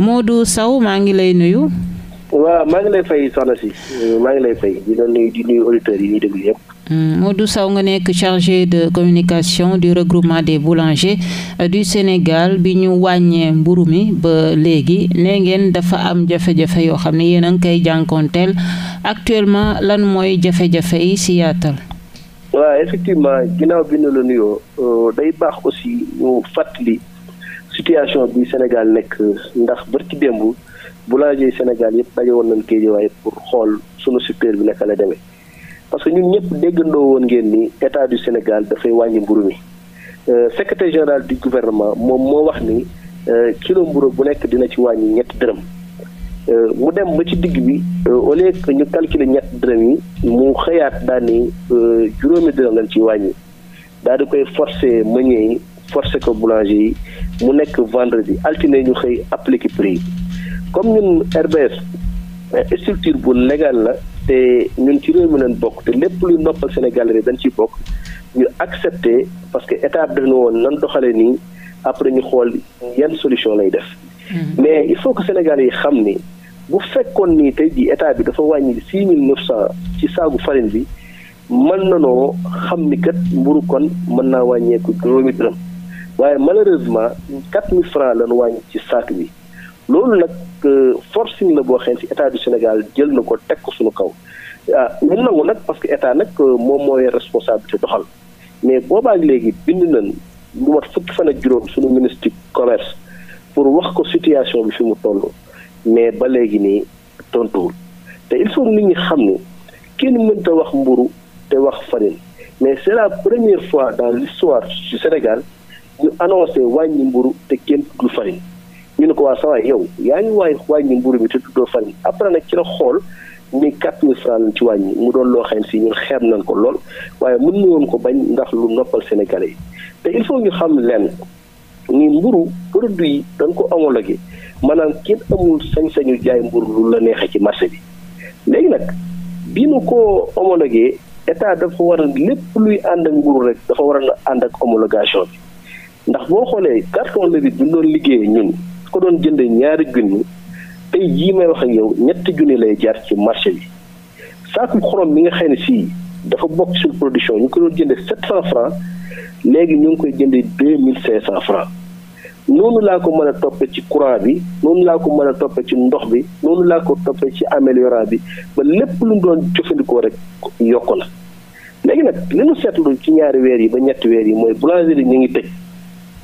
Modou saw maa ngi lay nuyu. waaw maa ngi lay fay soxna si euh, maa ngi lay fay di nuyu di nuyu auditeurs yi ñuy déglu yëpp. Hmm, Modou nga nekk chargé de communication du regroupement des boulangers euh, du Sénégal bi ñu wàññee mburu mi ba léegi nee ngeen dafa am jafe-jafe yoo xam ne yéen a ngi koy jànkoonteel actuellement lan mooy jafe-jafe yi si yaatal. waaw effectivement ginnaaw bi ñu la nuyoo euh, day baax aussi ñu fàttali situation bi Sénégal nekk ndax bërki démb boulanger Sénégal yëpp daje woon nañ Guédiawaye pour xool sunu secteur bi nekk la demee parce que ñun ñëpp déggandoo woon ngeen ni état du Sénégal dafay wàññi mburu mi euh, secrétaire général du gouvernement moom moo wax ni euh, kilo mburu bu nekk dina ci wàññi ñetti dërëm euh, mu dem ba ci digg bi au lieu que ñu calculer ñett dërëm yi mu xëyaat daal ni juróomi dërëm lañ ci wàññi daal di koy forcer meunier yi ko boulanger yi mu nekk vendredi altine ñu xëy appliqué prix comme ñun RBS eh, structure bu légal la te ñun ci réew mi leen bokk te lépp luy noppal Sénégal yi dañ ciy bokk ñu accepté parce que état bi dañu woon nan doxalee nii après ñu xool yan solution lay def. Mhm. mais il faut que yi xam ni bu fekkoon ni tey jii état bi dafa wàññi six mille neuf cent ci saagu farine bi mën na noo xam ni kat mburu kon mën naa wàññeeku juróomi dërëm. waaye malheureusement quatre mille francs la ñu wàññi ci saak bi loolu nag euh, forcing la boo xam ci état du Sénégal jël na ko teg ko suñu kaw ah ñu nangu nag parce que état nag euh, moom mooy responsabilité doxal mais boobaak léegi bind nañ lu mat fukki fan juróom suñu ministre du commerce pour wax ko situation bi fi mu toll mais ba léegi nii tontuwul te il faut nit ñi xam ni kenn mënta wax mburu te wax farine mais c'est la première fois dans l'histoire du Sénégal ñu annoncé wàññi mburu te kenn tuddul fariñ ñu ne ko waa sawaay yow yaa ngi waay wàññi mburu mi te tuddoo farine après nag ci la xool ni quatre mille francs ci wàññi mu doon loo xam si ñu xeeb nañ ko lool waaye mun na woon ko bañ ndax lu noppal sénégalais yi te il faut ñu xam lenn ni mburu produit yi dañ ko homologué maanaam kenn amul sañ-sañu jaay mburu lu la neexee ci marché bi léegi nag bi nu ko homologué état dafa war a lépp luy ànd ak mburu rek dafa war a ànd ak homologation bi ndax boo xoolee carton levure bi ñu doon liggéeyee ñun ko doon jënd ñaari junni tey jii may wax ak yow ñetti junni lay jaar ci marché bi saaku xorom bi nga xam ne sii dafa bokk sur production ñu ko doon jënde sept cent franc léegi ñu ngi koy jënde deux mille cinq cent franc noonu laa ko mën a toppe ci courant bi noonu laa ko mën a toppe ci ndox bi noonu laa ko toppe ci améliorant bi ba lépp lu mu doon jëfandikoo rek yokk na léegi nag li ñu seetlu ci ñaari weer yi ba ñetti yi mooy boulangerie ñu ngi tëj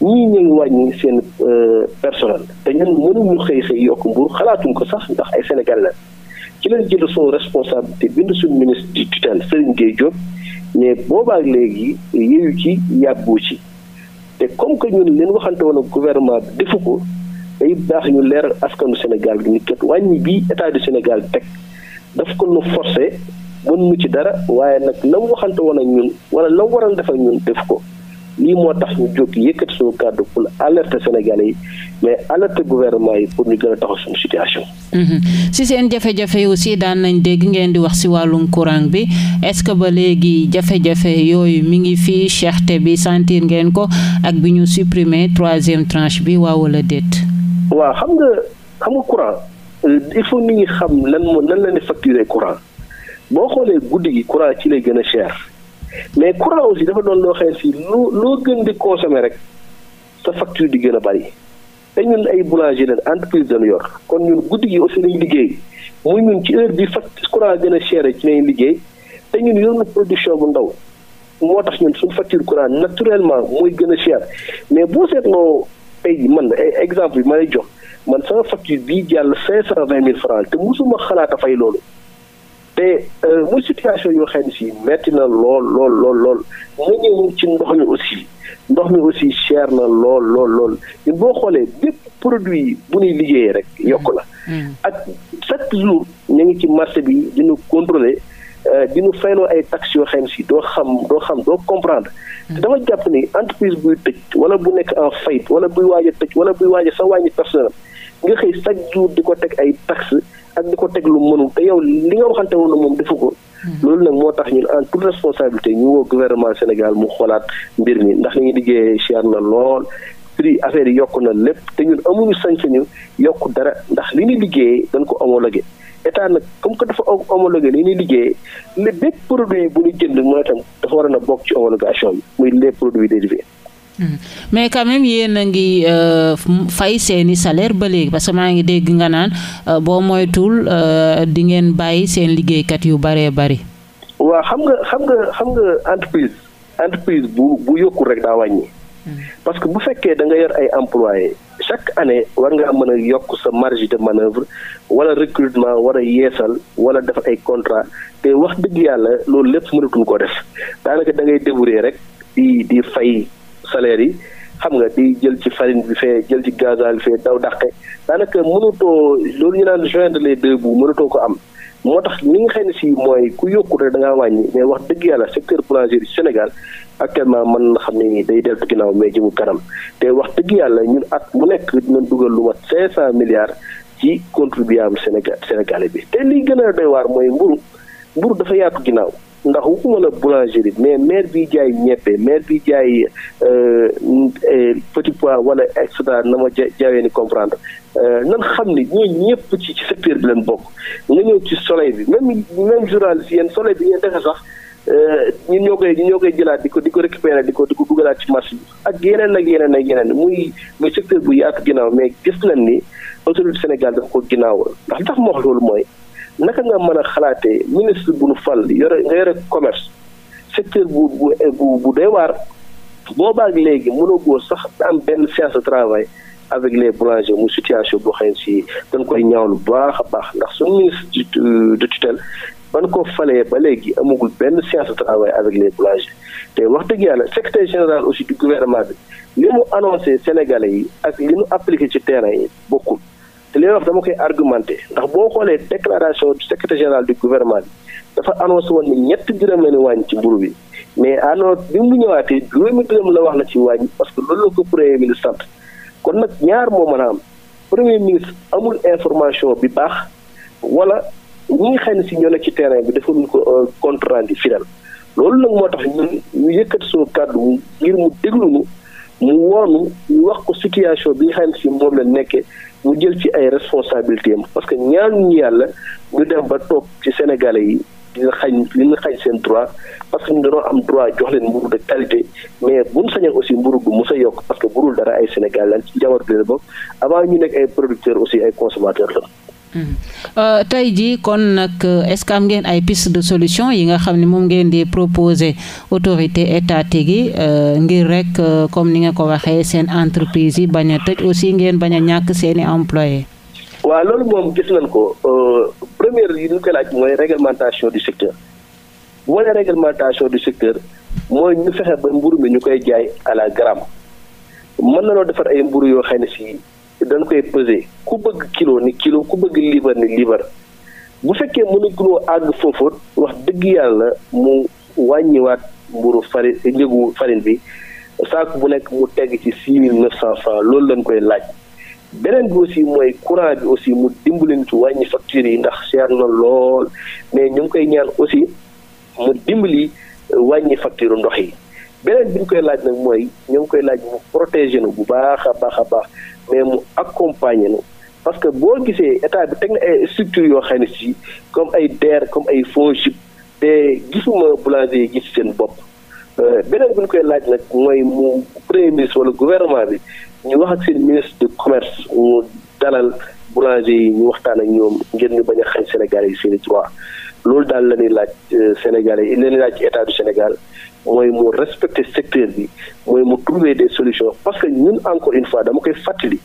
ñii ñu ngi wàññi seen euh, personnel te ñun mënuñu xëy xëy yokk nguur xalaatuñ ko sax ndax ay Sénégal la ci leen jël son te bind suñu ministre du tutelle Serigne Gueye Diop mais boobaak léegi yéeyu ci yàggu ci te comme que ñun leen waxante woon ak gouvernement bi defu ko day baax ñu leer askanu Sénégal gi ni kat wàññi bi état du Sénégal teg daf ko nu forcé mën ci dara waaye nag la waxante woon ak ñun wala la mu waral def ñun def ko lii moo tax ñu jóg yëkkati suñu kàddu pour alerter Sénégalais yi mais alerter gouvernement yi pour ñu gën a taxaw suñu situation. Mhm. si seen jafe-jafe aussi daan nañ dégg ngeen di wax si wàllum courant bi est-ce que ba léegi jafe yooyu mi ngi fii cherté bi sentir ngeen ko ak bi ñu supprimer troisième tranche bi waaw wala déet. waaw xam nga xam nga courant euh, il faut nit ñi xam lan moo lan la facturer courant boo xoolee guddi gi courant ci lay gën a cher. mais courant aussi dafa doon loo xee si loo loo gën di consommer rek sa facture di gën a bari te ñun ay boulanger leen entreprise dañu yor kon ñun guddi gi aussi nañ liggéey muy ñun ci heure bi facture courant gën a cher ci lañu liggéey te ñun yor na production bu ndaw moo tax ñun suñu facture courant naturellement mooy gën a cher mais boo seetloo tey ji man exemple bi ma lay jox man sama facture bii jàll cinq cent vingt mille francs te mosuma xalaat a fay loolu te euh, muy situation yoo xam ne si metti na lool lool lool lool mu ñëw ci ndox mi aussi ndox mi aussi cher na lool lool lool ñun boo xoolee bépp produit bu ñuy liggéeyee rek yokk la mm. ak chaque jour ñu ngi ci marché bi dina contrôler euh, dina fayloo ay taxes yoo xam si doo xam doo xam doo comprendre mm. te dama jàpp ni entreprise buy tëj wala bu nekk en faillite wala buy waaj a tëj wala buy waaj a sa wàññi personnel nga xëy chaque jour di ko teg ay taxes ak di ko teg lu mënul te yow li nga waxante woon moom defu ko. Hmm. loolu nag moo tax ñun en toute responsabilité ñu woo gouvernement Sénégal mu xoolaat mbir mi ndax li ñuy liggéeye cher na lool prix affaire yi yokk na lépp te ñun amuñu sañ-sañu yokk dara ndax li ñuy liggéeye dañ ko homologué état nag comme que dafa homologué li ñuy liggéeyee lépp produit bu ñu jënd mooy tam dafa war na bokk ci homologation bi muy les produits dérivés. Hmm. mais quand même yéen a ngi euh, fay seeni i ba léegi parce que maa ngi dégg nga naan euh, boo moytuwul euh, di ngeen bàyyi seen liggéeykat yu baree bëri. waa xam nga xam nga xam nga entreprise entreprise bu bu yokkul rek daa wàññi. Hmm. parce que bu fekkee da nga yor ay employés chaque année war ngaa mën a yokk sa marge de manœuvre wala war a yeesal wala def ay contrat te wax dëgg yàlla loolu lépp mënatuñ ko def daanaka da ngay débouré rek di di fay. salaire yi xam nga di jël ci farine bi fee jël ci gasoil fee daw dàqe daanaka mënutoo loolu ñu naan joindre les deux bouts mënutoo ko am moo tax ni nga xam ne si mooy ku yokkut rek da ngaa wàññi mais wax dëgg yàlla secteur boulanger du Sénégal actuellement mën na xam ne day deltu ginnaaw mais jëmu kanam te wax dëgg yàlla ñun at mu nekk dina dugal lu mat cent milliards ci contribuable Sénégal sénégalais bi te liy gën a doy waar mooy mburu mburu dafa yaatu ginnaaw ndax ma la boulangerie mais maire bi jaay ñebbe maire bi jaay euh, euh, petit pois wala et cetera na ma jaa jaawee ni comprendre euh, nan xam ni ñooñu ñëpp ci secteur bi leen bokk nga ñëw ci soleil bi même même journaliste yéen soleil bi ngeen defe sax ñu ñoo koy ñun ñoo koy jëlaat di ko di ko récupérer di ko di ko dugalaat ci marché bi ak yeneen ak yeneen ak yeneen muy muy secteur bu yaatu ginnaaw mais gis nañ ni autorité Sénégal dafa ko ginnaaw ndax moo tax loolu mooy naka nga mën a xalaatee ministre bu nu fal yore nga yore commerce secteur bu bu bu bu doy waar boobaak léegi mënagoo sax am benn séance de travail avec les boulangers mu situation boo xam si dañ koy ñaawlu bu baax a baax ndax suñu ministre euh, de tutelle ban ko falee ba léegi amagul benn séance de travail avec les boulangers te wax dëgg yàlla secrétaire général aussi du gouvernement bi li mu annoncé Sénégalais yi ak li mu appliqué ci terrain yi bokkul. te li wax dama koy argumenté ndax boo xoolee déclaration du secrétaire général du gouvernement bi dafa annoncé woon ni ñetti dërëm la ñu wàññi ci mburu bi mais annonce bi mu ñëwaatee juróomi dërëm la wax na ci wàññi parce que loolu la ko premier ministre sant kon nag ñaar moo mën a am premier ministre amul information bi baax wala ñi nga xam ne si ñoo nekk ci terrain bi defaluñ ko euh, compte rendu fidèle loolu nag moo tax ñun ñu yëkkati suñu kàddu ngir mu déglu mu woonu ñu wax ko situation bi xam si moom la nekkee mu jël ci ay responsabilité parce que ñaanuñu yàlla ñu dem ba toog ci Sénégalais yi dina xañ li ñu xañ seen droit parce que ñu dañoo am droit jox leen mburu de qualité mais buñ sañoon aussi mburu bu mos a yokk parce que burul dara ay Sénégal lan ci njaboot bi la bokk avant ñu nekk ay producteurs aussi ay consommateurs la Euh, tey jii kon nag euh, est-ce que am ngeen ay piste de solution yi nga xam ni moom ngeen di proposer autorité étatique yi euh, ngir rek comme ni nga ko waxee seen entreprise yi bañ a aussi ngeen bañ a ñàkk seen i employés. waaw loolu moom gis nañ ko première yi ñu koy laaj mooy réglementation du secteur boo nee réglementation du secteur mooy ñu fexe ba mburu mi ñu koy jaay à la gramme mën na noo defar ay mburu yoo xam ne si. dañ koy peser ku bëgg kilo ni kilo ku bëgg libar ni libar bu fekkee mënu guloo àgg foofu wax dëgg yàlla mu wàññiwaat mburu farine njëgu farine bi saako bu nekk mu teg ci six mille neuf cent francs loolu lañ koy laaj beneen bi aussi mooy courant bi aussi mu dimbali ci wàññi factures yi ndax cher na lool mais ñu ngi koy ñaan aussi mu dimbali wàññi facture ndox yi beneen bi ñu koy laaj nag mooy ñoo ngi koy laaj mu protéger nu bu baax a baax a baax mais mu accompagner nu parce que boo gisee état bi teg na ay structures yoo xam ne si comme ay DER comme ay FONGIP te gisuma boulanger yi gis seen bopp euh, beneen bi ñu koy laaj nag mooy mu premier ministre wala gouvernement bi ñu wax ak seen ministre de commerce mu dalal boulanger yi ñu waxtaan ak ñoom ngeen ñu bañ a xañ Sénégal yi seen i loolu daal la ñuy laaj euh, Sénégal yi la ñuy laaj ci état du Sénégal mooy mu respecter secteur bi mooy mu trouver des solutions parce que ñun encore une fois dama koy fàttali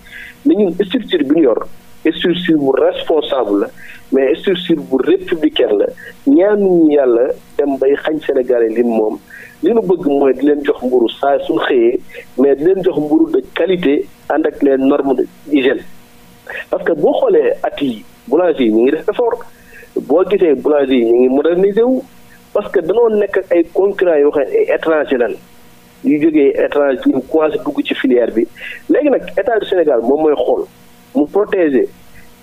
ne ñun structure bi ñu yor structure bu responsable la mais structure bu républicaine la ñaanuñu yàlla dem bay xañ Sénégalais li moom li mu bëgg mooy di leen jox mburu saa suñu xëyee mais di leen jox mburu de qualité ànd ak leen les de d'hygiène parce que boo xoolee at yi boulanger yi ñu ngi def effort boo gisee boulanger yi ñu ngi moderniser wu parce que danoo nekk ay concurrents yoo xam ne ay étranger lan yu jógee étranger ñu commencé dugg ci filière bi léegi nag état du Sénégal moom mooy xool mu protéger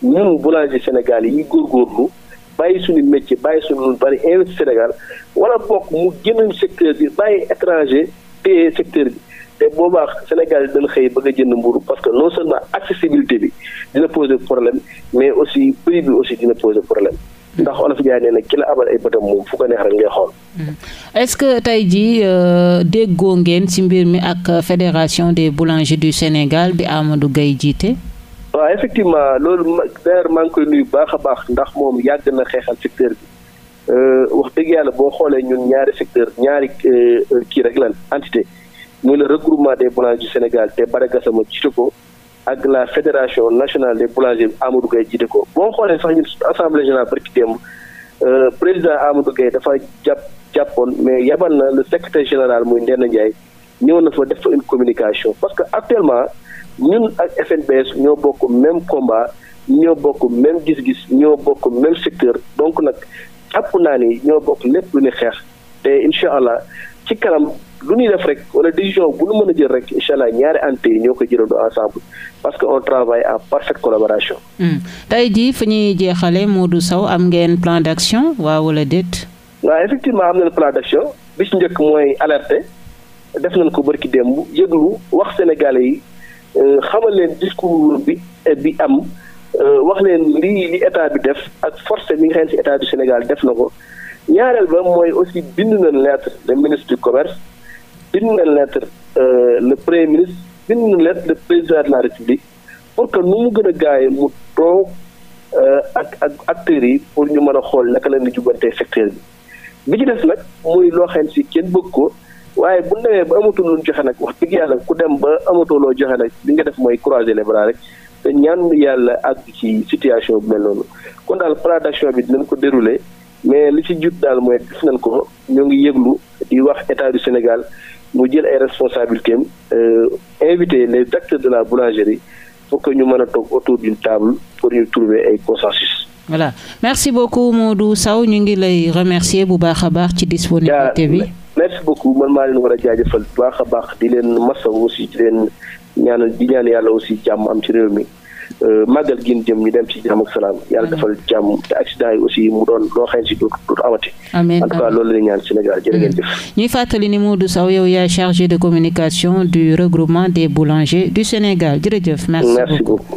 ñun boulanger Sénégal yi góor góorgóorlu bàyyi suñu métier bàyyi suñu lu bari investi Sénégal wala bokk mu génn secteur bi bàyyi étranger téye secteur bi te boobaa Sénégal dañ xëy bëgg a jënd mburu parce que non seulement accessibilité bi dina poser problème mais aussi prix bi aussi dina poser problème ndax olof jaay nee na ki la abal ay bëtam moom fu ko neex rek ngay xool. Mm. est-ce que tey jii euh, déggoo ngeen ci mbir mi ak fédération des boulangers du Sénégal bi Amadou Gaye jiite. waaw effectivement loolu d'ailleurs koy nuyu baax a baax ndax moom yàgg na xeexal secteur bi euh, wax dëgg yàlla boo xoolee ñun ñaari secteur ñaari euh, kii rek lan entité muy la regroupement des boulangers du Sénégal te Bara Gassama jiite ko. ak la fédération nationale des boulangers Amadou Gaye jiite ko boo xoolee sax ñun assemblée générale barki démb euh, président Amadou Gaye dafa jàpp jàppoon mais yebal na le secretaire général muy Ndéna Ndiaye ñëw na fa def fa une communication parce que actuellement ñun ak FNBS ñoo bokk même combat ñoo bokk même gis-gis ñoo bokk même secteur donc nag jàpp naa ni ñoo bokk lépp lu ñu xeex te incha allah ci kanam lu ñuy def rek wala décision bu ñu mën a jël rek incha allah ñaari ante ñoo ko jëlandoo ensemble parce que on travaille en parfaite collaboration. Hmm. tey jii fu ñuy jeexalee Modou Sow am ngeen plan d' action waaw wala déet. waaw effectivement am nañu plan d' action bi njëkk mooy alerter def nañ ko barki démb yëglu wax sénégalais yi euh, xamal leen discours bi euh, bi am euh, wax leen lii li état bi def ak force mi nga xam ne si état du Sénégal def na ko ñaareel ba mooy aussi bind nañ lettre le bind na lettre euh, le premier ministre bind na lettre le président de la république pour que nu mu gën a gaawee mu toog euh, ak ak acteurs yi pour ñu mën a xool naka la ñu jubantee secteur bi bi ci des nag muy loo xam si kenn bëgg ko waaye bu demee ba amatul lu joxe nag wax dëgg yàlla ku dem ba amatuloo joxe nag li nga def mooy croiser les bras rek te ñaan yàlla ak ci situation bu mel noonu kon daal plan d'action bi dinañ ko dérouler mais li ci jut daal mooy gis ko ñoo ngi yëglu di wax état du Sénégal mu jël ay responsabilités am euh, invité les acteurs de la boulangerie pour que ñu mën a toog autour d'une table pour ñu trouver ay consensus. voilà merci beaucoup du Sow ñu ngi lay remercier bu baax a baax ci disponibilité bi. merci beaucoup man maa leen war a jaajëfal bu baax a baax di leen masaw aussi di leen ñaanal di ñaan yàlla aussi jàmm am ci réew mi. Euh, màggal gi jëm ñu dem ci jàmm ak salaam yàlla defal jàmm te accident yi aussi mu doon loo xam si du du amati. loolu la ñaan Sénégal jërë ngeen jëf. ñuy fàttali ni du saw yow yaa chargé de communication du regroupement des boulangers du Sénégal jërëjëf. merci beaucoup merci beaucoup.